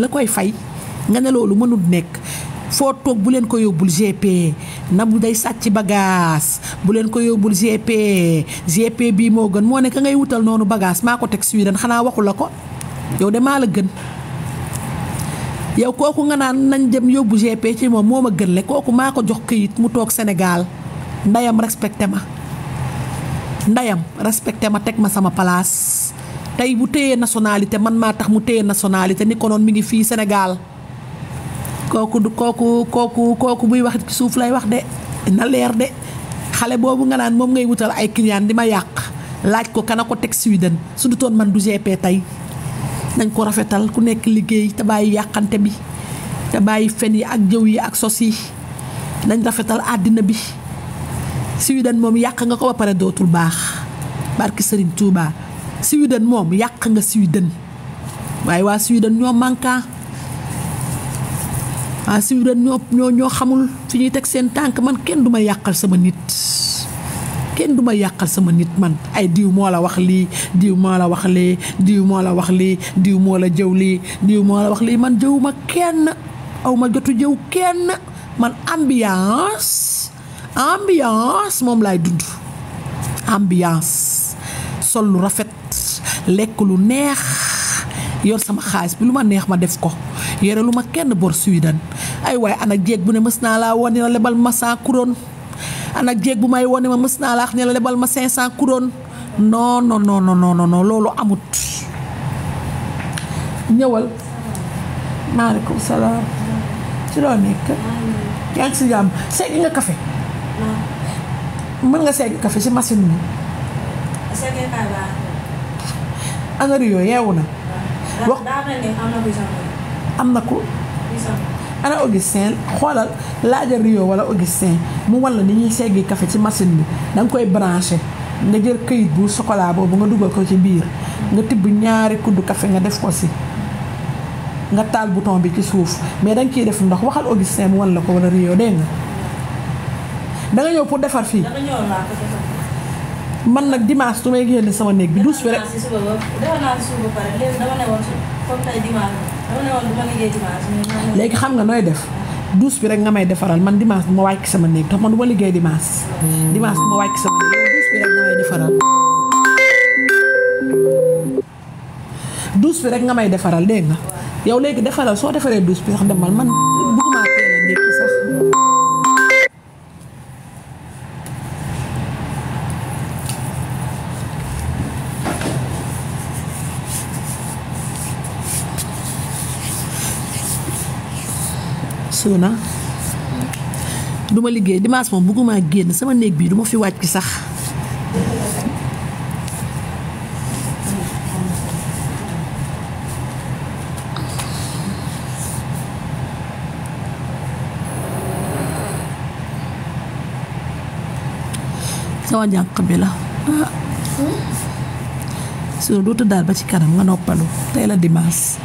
la koy fay nga ne loolu mënul nekk foo toog bu leen ko yóbbul GP nabu day sàcc bagage bu leen ko yóbbul GP GP bii moo gën moo nekk ngay wutal noonu bagage maa ko teg Sweden xanaa waxu la ko yow de maa la gën yow kooku nga naan nañ dem yóbbu GP ci moom moo ma gën le kooku maa ko jox këyit mu toog senegaal ndayam respecté ma ndeyam respecté ma teg ma sama palaas tey bu téyee nationalité man maa tax mu téye nationalité ni konoon mu ngi fii Sénégal kooku kooku kooku kooku buy wax ci suuf lay wax de na leer de xale boobu nga naan moom ngay wutal ay client di ma yàq laaj ko kana ko teg Suède su du man du GP tey nañ ko rafetal ku nekk liggéey te bàyyi yàqante bi te bàyyi fen yi ak jëw yi ak sos yi nañ rafetal àddina bi Suède moom yàq nga ko ba pare dootul baax barki Serigne Touba. Sweden moom yàq nga Sweden waaye waa Sweden ñoo manquant waa Sweden ñoo ñoo xamul fi ñuy teg seen tànk man kenn du yàqal sama nit kenn du ma yàqal sama nit man ay diw moo la wax lii diw moo la wax lii diw moo la wax lii diw moo jëw li diw moo la wax li man jëw ma kenn aw ma jotu jëw kenn man ambiance ambiance moom laay dund ambiance sol lu rafet lekk lu neex yor sama xaalis bi lu ma neex ma def ko yore lu ma kenn bor suidan ay waaye ana jeeg bu ne mës naa laa wane la lebal ma cent couronne ana jeeg bu may wane ma mës naa laa wax ne la lebal ma cinq cent couronne non non non non non loolu amut ñëwal maaleykum salaam ci loo nekk yaa ngi si jàmm segg nga café mën nga segg café si machine bi Anario yeewu na. wax am na ko. ana Augustin xoolal laaja Rio wala Augustin mu wan la ni ñuy seggi kafe ci machine bi da koy branché nga jël këyit bu chocolat boobu nga dugal ko ci biir nga tibb ñaari kuddu kafe nga def ko si nga taal bouton bi ci suuf mais da nga def ndox waxal Augustin mu wan la ko wala Rio dégg nga da ñëw pour defar fii. man nag dimanche su may génn sama néeg bi douche fi rek. léegi xam nga nooy def. douche bi rek nga may defaral man dimanche ma wàcc sama néeg tax man du ma liggéey dimanche. dimanche bi wàcc sama néeg douche bi rek nga may defaral. douche bi rek nga may defaral dégg nga. yow léegi defaral soo defaree douche bi sax demal man. su na duma liggéey dimanche moom bëgguma génn sama néeg bii duma fi wàcc sax sama jànq bi la ah. Hmm? su dootu daal ba ci kanam nga noppalu tey la dimanche.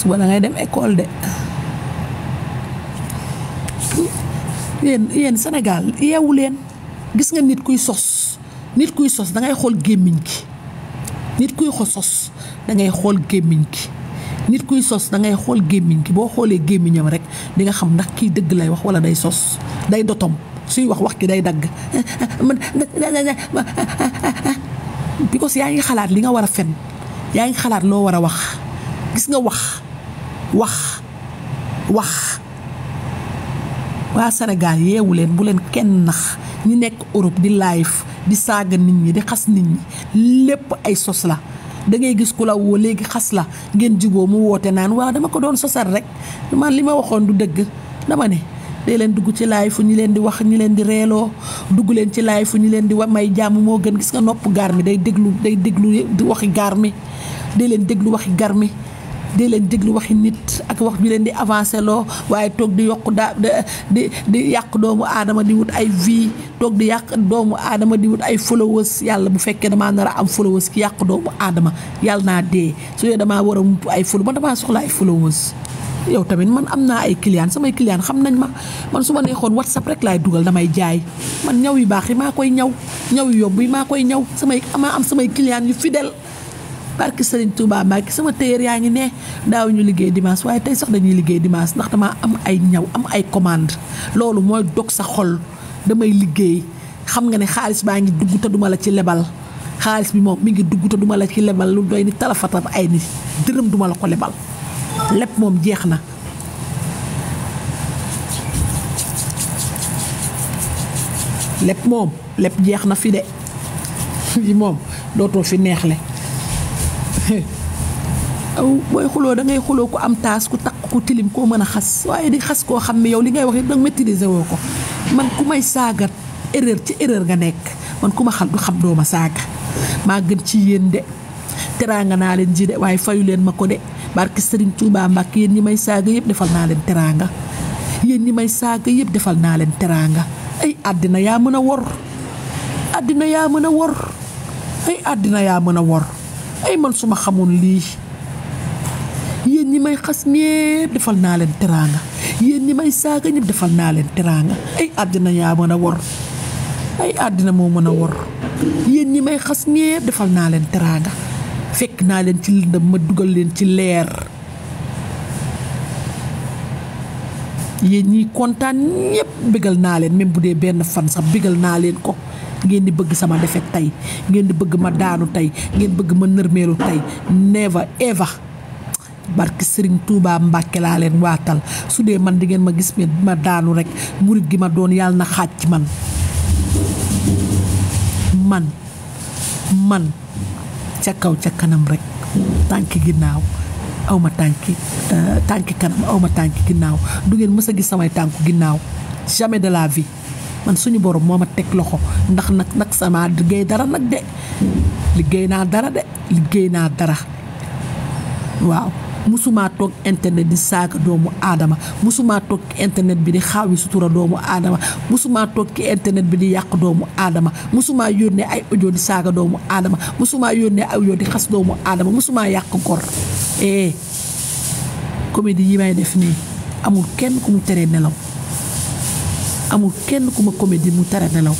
suba da ngay dem école de yéen senegal Sénégal yeewu leen gis nga nit kuy sos nit kuy sos da ngay xool gémmiñ gi nit kuy xo sos da ngay xool gémmiñ gi nit kuy sos da xool gémmiñ gi boo xoolee gémmiñam rekk di nga xam ndax kii dëgg lay wax wala day sos day dotom suy wax wax ki day dagg man because yaa ngi xalaat li nga war a fen yaa ngi xalaat loo war a wax gis nga wax wax wax waa Sénégal yeewu leen bu leen kenn nax ñi nekk Europe di live di saaga nit ñi di xas nit ñi lépp ay sos la dangay gis ku la woo léegi xas la ngeen jigoo mu woote naan waaw dama ko doon sosal rek man li ma waxoon du dëgg dama ne dee leen dugg ci laay fu ñu leen di wax ñu leen di reeloo dugg leen ci laay fu ñu leen di wa may jàmm moo gën gis nga nopp gaar mi day déglu day déglu di waxi gaar mi dee leen déglu waxi garmi dee leen déglu waxi nit ak wax bi leen di avancé loo waaye toog di yokk da di di yàq doomu aadama di wut ay vie toog di yàq doomu aadama di wut ay followers yàlla bu fekkee damaa nar a am followers ki yàq doomu aadama yàlla naa dee su dee damaa war a mump ay follow damaa soxla ay followers yow tamit man am naa ay clients samay clients xam nañ ma man su ma neexoon whatsapp rek laay dugal damay jaay man ñaw yu baax yi maa koy ñaw ñaw yu yomb yi maa koy ñaw samay maa am samay barki Serigne Touba Mbacke sama téyeer yaa ngi ne daaw ñu liggéey dimanche waaye tey sax dañuy liggéey dimanche ndax dama am ay ñaw am ay commande loolu mooy dog sa xol damay liggéey xam nga ne xaalis baa ngi dugg te duma la ci lebal xaalis bi moom mi ngi dugg te duma la ci lebal lu doy ni talafatab ay ni dërëm duma la ko lebal lépp moom jeex na lépp moom lépp jeex na fi de moom dootoo fi neexle booy xuloo da xuloo ku am taas ku taq ku tilim koo mën a xas waaye di xas koo xam ne yow li ngay wax it danga maîtriser woo ko man ku may saaga erreur ci erreur nga nekk man ku ma xam du xam doo ma saaga maa gën ci yéen de teraanga naa leen ji de waaye fayu leen ma ko de barki Serigne Touba Mbacke yéen ñi may saaga yëpp defal naa leen teraanga yéen ñi may saaga yëpp defal naa leen teraanga ay àddina yaa mën a wor àddina yaa mën a wor ay àddina yaa mën a wor ay man suma xamoon lii yéen ñi may xas ñépp defal naa leen teraanga yéen ñi may saaga ñépp defal naa leen teraanga ay àddina yaa mën a wor ay àddina moo mën a wor yéen ñi may xas ñépp defal naa leen teraanga fekk naa leen ci lëndëm ma dugal leen ci leer yéen ñi kontaan ñépp bégal naa leen même bu dee benn fan sax bégal naa leen ko ngeen di bëgg sama defet tey ngeen di bëgg ma daanu tey ngeen bëgg ma nërmeelu tey never ever barki Serigne Touba Mbacke laa leen waatal su dee man di ngeen ma gis ma daanu rek murit gi ma doon yàlla na xaaj ci man man man ca kaw ca kanam rek tànki ginnaaw aw ma tànki euh, tànki kanam aw ma tànki ginnaaw du ngeen mës a gis samay tànku ginnaaw jamais de la vie man suñu boroom moo ma teg loxo ndax nag nag sama liggéey dara nag de liggéey naa dara de liggéey naa dara waaw musumaa toog internet di saaga doomu aadama musumaa toog ci internet bi di xaawi sutura doomu aadama musumaa toog internet bi di yàq doomu aadama musumaa yónnee ay audio di saaga doomu aadama musumaa yónnee ay di xas doomu aadama musumaa yàq gor ee eh, comédie yi may def nii amul kenn ku mu teree nelaw amul kenn ku ma comédie mu tere nelaw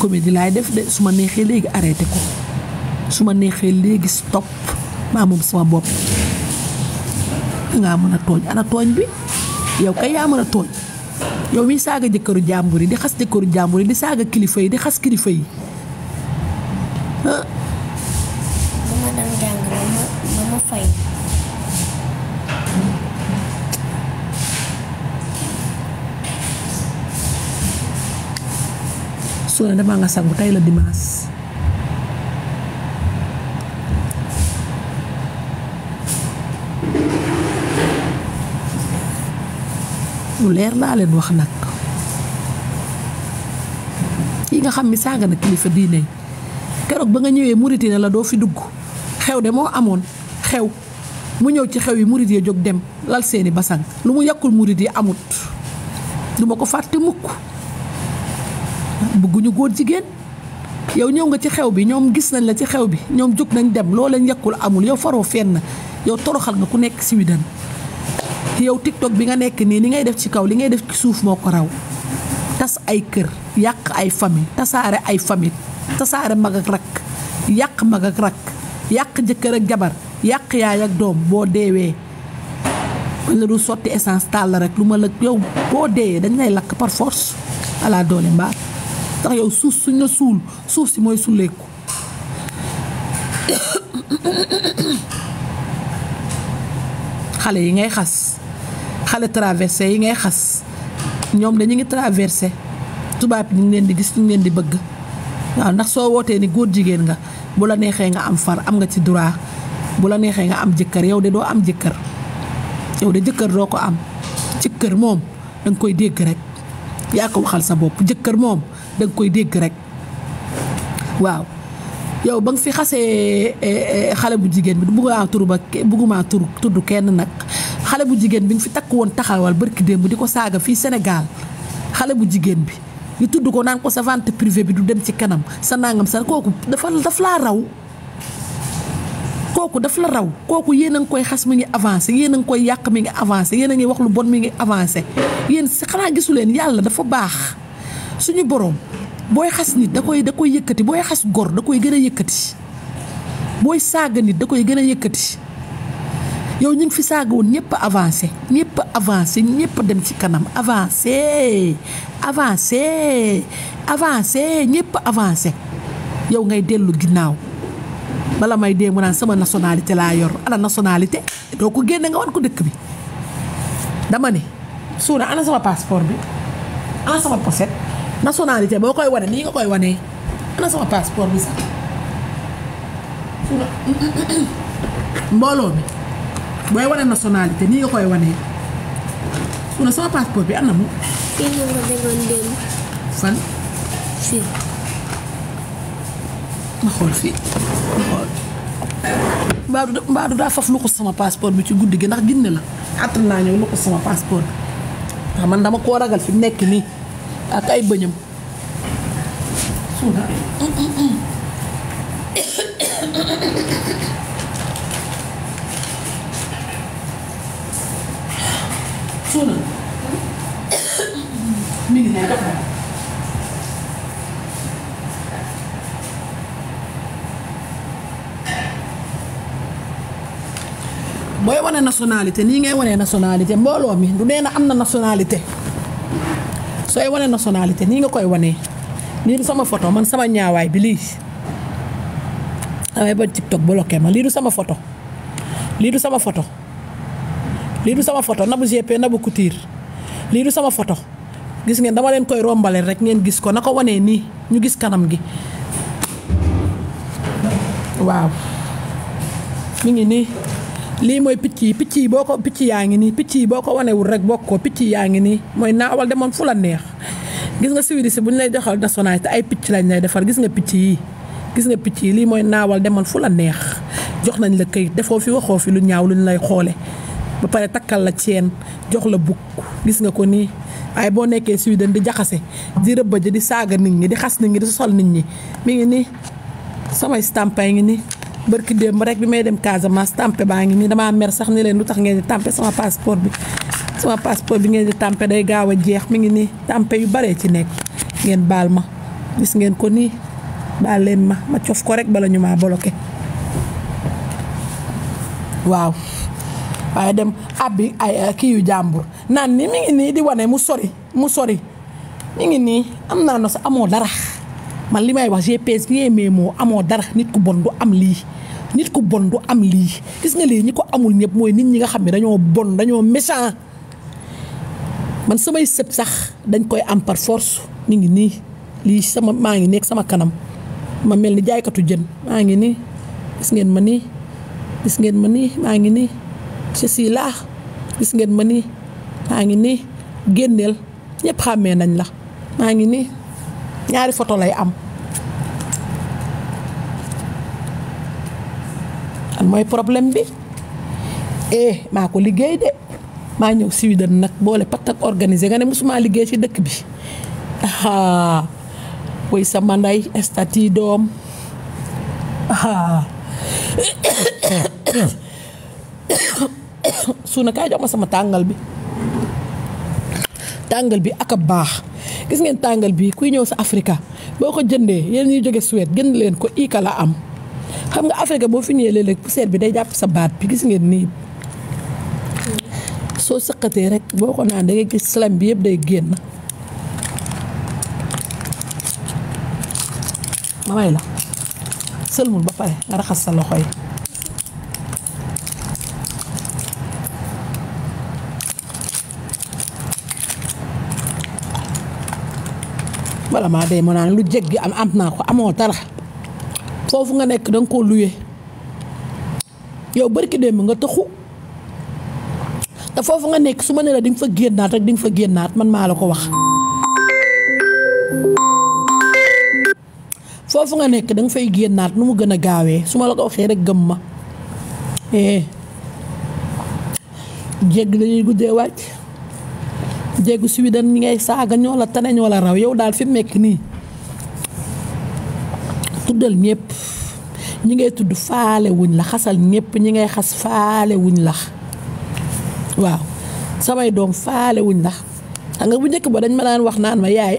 comédie laay def de su ma neexee léegi arrêté ko su ma neexee léegi stop maa moom sama bopp dangaa mën a tooñ ana tooñ bi yow kay yaa mën a tooñ yow mi saaga jëkkëru jàmbur yi di xas jëkkëru jàmbur yi di saaga kilifa yi di xas kilifa yi su ne damaa nga sangu tey la lu leer laa leen wax nag yi nga xam ni saaga na kilifa diine keroog ba nga ñëwee murit ne la doo fi dugg xew de moo amoon xew mu ñëw ci xew yi murit yi jóg dem lal seeni basang lu mu yàkkul murit yi amut duma ko fàtte mukk bëgguñu góor jigéen yow ñëw nga ci xew bi ñoom gis nañ la ci xew bi ñoom jóg nañ dem loo leen yekkul amul yow faroo fenn yow toroxal nga ku nekk si widan yow tiktok bi nga nekk nii li ngay def ci kaw li ngay def ci suuf moo ko raw tas ay kër yàq ay famille tasaare ay famille tasaare mag ak rakk yàq mag ak rakk yàq jëkkër ak jabar yàq yaay ak doom boo deewee la du sotti essence tàll rek lu ma la yow boo deeyee dañ lay lakk par force ala doole mbaar ndax yow suuf suñ la suul suuf si mooy sulleeku xale yi ngay xas xale traversé yi ngay xas ñoom dañu ngi traversé tubaab yi ñu leen di gis ñu leen di bëgg waaw ndax soo wootee ni góor jigéen nga bu la neexee nga am far am nga ci droit bu la neexee nga am jëkkër yow de doo am jëkkër yow de jëkkër doo ko am jëkkër moom danga koy dégg rek yaa ko waxal sa bopp jëkkër moom da nga koy dégg rek waaw yow ba nga fi xasee eh, eh, xale bu jigéen bi bëggumaa turu ba bëggumaa turu tudd kenn nag xale bu jigéen bi nga fi takk woon taxawal barki démb di ko saaga fii Sénégal xale bu jigéen bi ñu tudd ko naan ko sa vente privée bi du dem ci kanam sa nangam sa kooku dafa laa raw kooku daf la raw kooku yéen a ngi koy xas mu ngi avancé yéen a ngi koy yàq mi ngi avancé yéen a ngi wax lu bon mi ngi avancé yéen xanaa gisuleen leen yàlla dafa baax suñu borom booy xas nit da koy da koy yëkkati booy xas gor da koy gën a yëkkati booy saaga nit da koy gën a yëkkati yow ñu ngi fi saaga woon ñëpp avancé ñëpp avancé ñëpp dem ci kanam avancé avancé avancé ñëpp avancé yow ngay dellu ginnaaw bala may dee mu naan sama nationalité laa yor ana nationalité doo ko génne nga wan ko dëkk bi dama ne suuna ana sama passeport bi ana sama pochette nationalité boo koy wane nii nga koy wanee ana sama bi mbooloo mi booy wane nationalité nii nga koy wanee su na sama passeport bi ana mu fii nga ko déggoon ma xool fii ma xool mbaadu mbaadu bi ci guddi gi ndax ginne la àtt naa ñëw luxus sama passeport bi ndax ah, man dama koo ragal fi nekk nii ak ay bëñam suuna mi ngi ne dox booy wane nationalité nii ngay wane nationalité mbooloo mi du nee na am na nationalité sooy wane nationalité nii nga koy wanee lii du sama photo man sama ñaawaay bi lii damay ba TikTok bloqué ma lii du sama photo lii du sama photo lii du sama photo Nabou GP Nabou Couture lii du sama foto gis ngeen dama leen koy rombale rek ngeen gis ko na ko wanee nii ñu gis kanam gi waaw mi ngi nii lii mooy picc yi picc yi boo ko picc yaa ngi nii picc yi boo ko wanewul rek bokk ko picc yaa ngi nii mooy naawal demoon fu la neex gis nga civilisé bu ñu lay joxal nationalité ay picc lañ lay defar gis nga picc yi gis nga picc yi lii mooy naawal demoon fu la neex jox nañ la këyit defoo fi waxoo fi lu ñaaw lu lay xoole ba pare takkal la ceen jox la bukk gis nga ko nii waaye boo nekkee Suède di jaxase di rëbbëj di saaga nit ñi di xas nit ñi di sosal nit ñi mi ngi nii samay stampay ngi nii bërki démb rek bi may dem Casamance tampe baa ngi nii damaa mer sax ne leen lu tax ngeen di tampe sama passeport bi sama passeport bi ngeen di tampe day gaaw a jeex mu ngi nii tampe yu baree ci nekk ngeen baal ma gis ngeen ko nii baal leen ma ma cof ko rek bala ñu maa bloqué waaw waaye dem abbi ay kii yu jàmbur naan ni mi ngi nii di wane mu sori mu sori mu ngi nii am naa na sa amoo dara man li may wax GPS bien mais moo amoo dara nit ku bon du am lii nit ku bon du am lii gis nga lii ñi ko amul ñëpp mooy nit ñi nga xam ne dañoo bon dañoo méchant man samay sët sax dañ koy am par force ñu ngi nii lii sama maa ngi nekk sama kanam ma mel ni jaaykatu jën maa ngi nii gis ngeen ma nii gis ngeen ma nii maa ngi nii je suis gis ngeen ma nii maa ngi nii génneel ñëpp xàmmee nañ la maa ngi nii ñaari photo lay am an mooy problème bi eh maa ko liggéey de maa ñëw siwi dan nag boole pat ak organisé nga ne mosuma liggéey ci dëkk bi ah sama nday estati doom su suuna jox ma sama tàngal bi tàngal bi ak a baax gis ngeen tàngal bi kuy ñëw sa Afrika boo ko jëndee yéen ñuy jóge Suède gën leen ko ka la am xam nga Afrika boo fi ñëwee léeg-léeg poussière bi day jàpp sa baat bi gis ngeen nii soo sëqatee rek boo ko naan dangay gis salam bi yëpp day génn ma may la sëlmul ba pare raxas sa loxo yi bala maa dee ma naa lu jéggi am am naa ko amoo dara foofu nga nekk da nga koo luye yow barki démb nga tëxu te foofu nga nekk su ma nee la fa génnaat di nga fa génnaat man maa la ko wax. foofu nga nekk danga fay génnaat nu mu gën a gaawee su ma la ko waxee rek gëm ma. eh jéggi dañuy guddee wàcc. jéegu Suède ñi ngay saaga ñoo la tane ñoo la raw yow daal fi mu nekk nii tuddal ñépp ñi ngay tudd faale wuñ la xasal ñépp ñi ngay xas faale wuñ la waaw samay doom faale wuñ la nga bu njëkk ba dañ ma daan wax naan ma yaay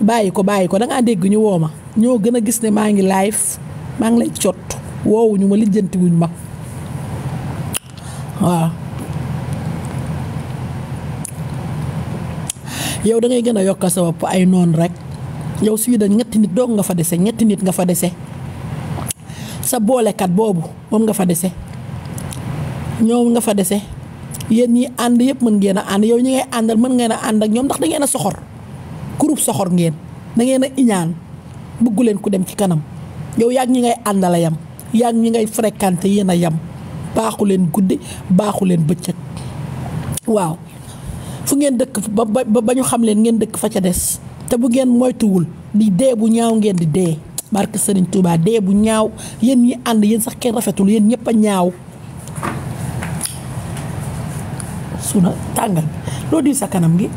bàyyi ko bàyyi ko dangaa dégg ñu woo ma ñoo gën a gis ne maa ngi live maa ngi lay cot woowuñu ma lijjantiwuñ ma waaw yow dangay gën a yokkal sa bopp ay noon rek yow suy da ñetti nit doog nga fa dese ñetti nit nga fa dese sa boolekat boobu moom nga fa dese ñoom nga fa dese yéen ñi ànd yëpp mën ngeen a ànd yow ñi ngay àndal mën ngeen a ànd ñoom ndax da ngeen a soxor kurub soxor ngeen da a iñaan bëggu leen ku dem ci kanam yow yaag ñi ngay àndal a yam yaag ñi ngay fréquenté yéen a yam baaxu leen guddi baaxu leen bëccëg waaw fu ngeen dëkk ba ba ba ñu xam leen ngeen dëkk fa ca des te bu ngeen moytuwul di dee bu ñaaw ngeen di dee barke Serigne Touba dee bu ñaaw yéen yi ànd yéen sax kenn rafetul yéen ñëpp a ñaaw. suuna tàngal loo di sa kanam gi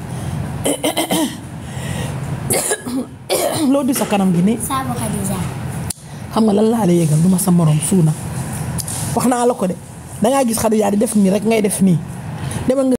loo di sa kanam gi nii. xam nga lan laa la yëgal du ma sa moroom suuna wax naa la ko de dangaa gis Xadija di def nii rek ngay def nii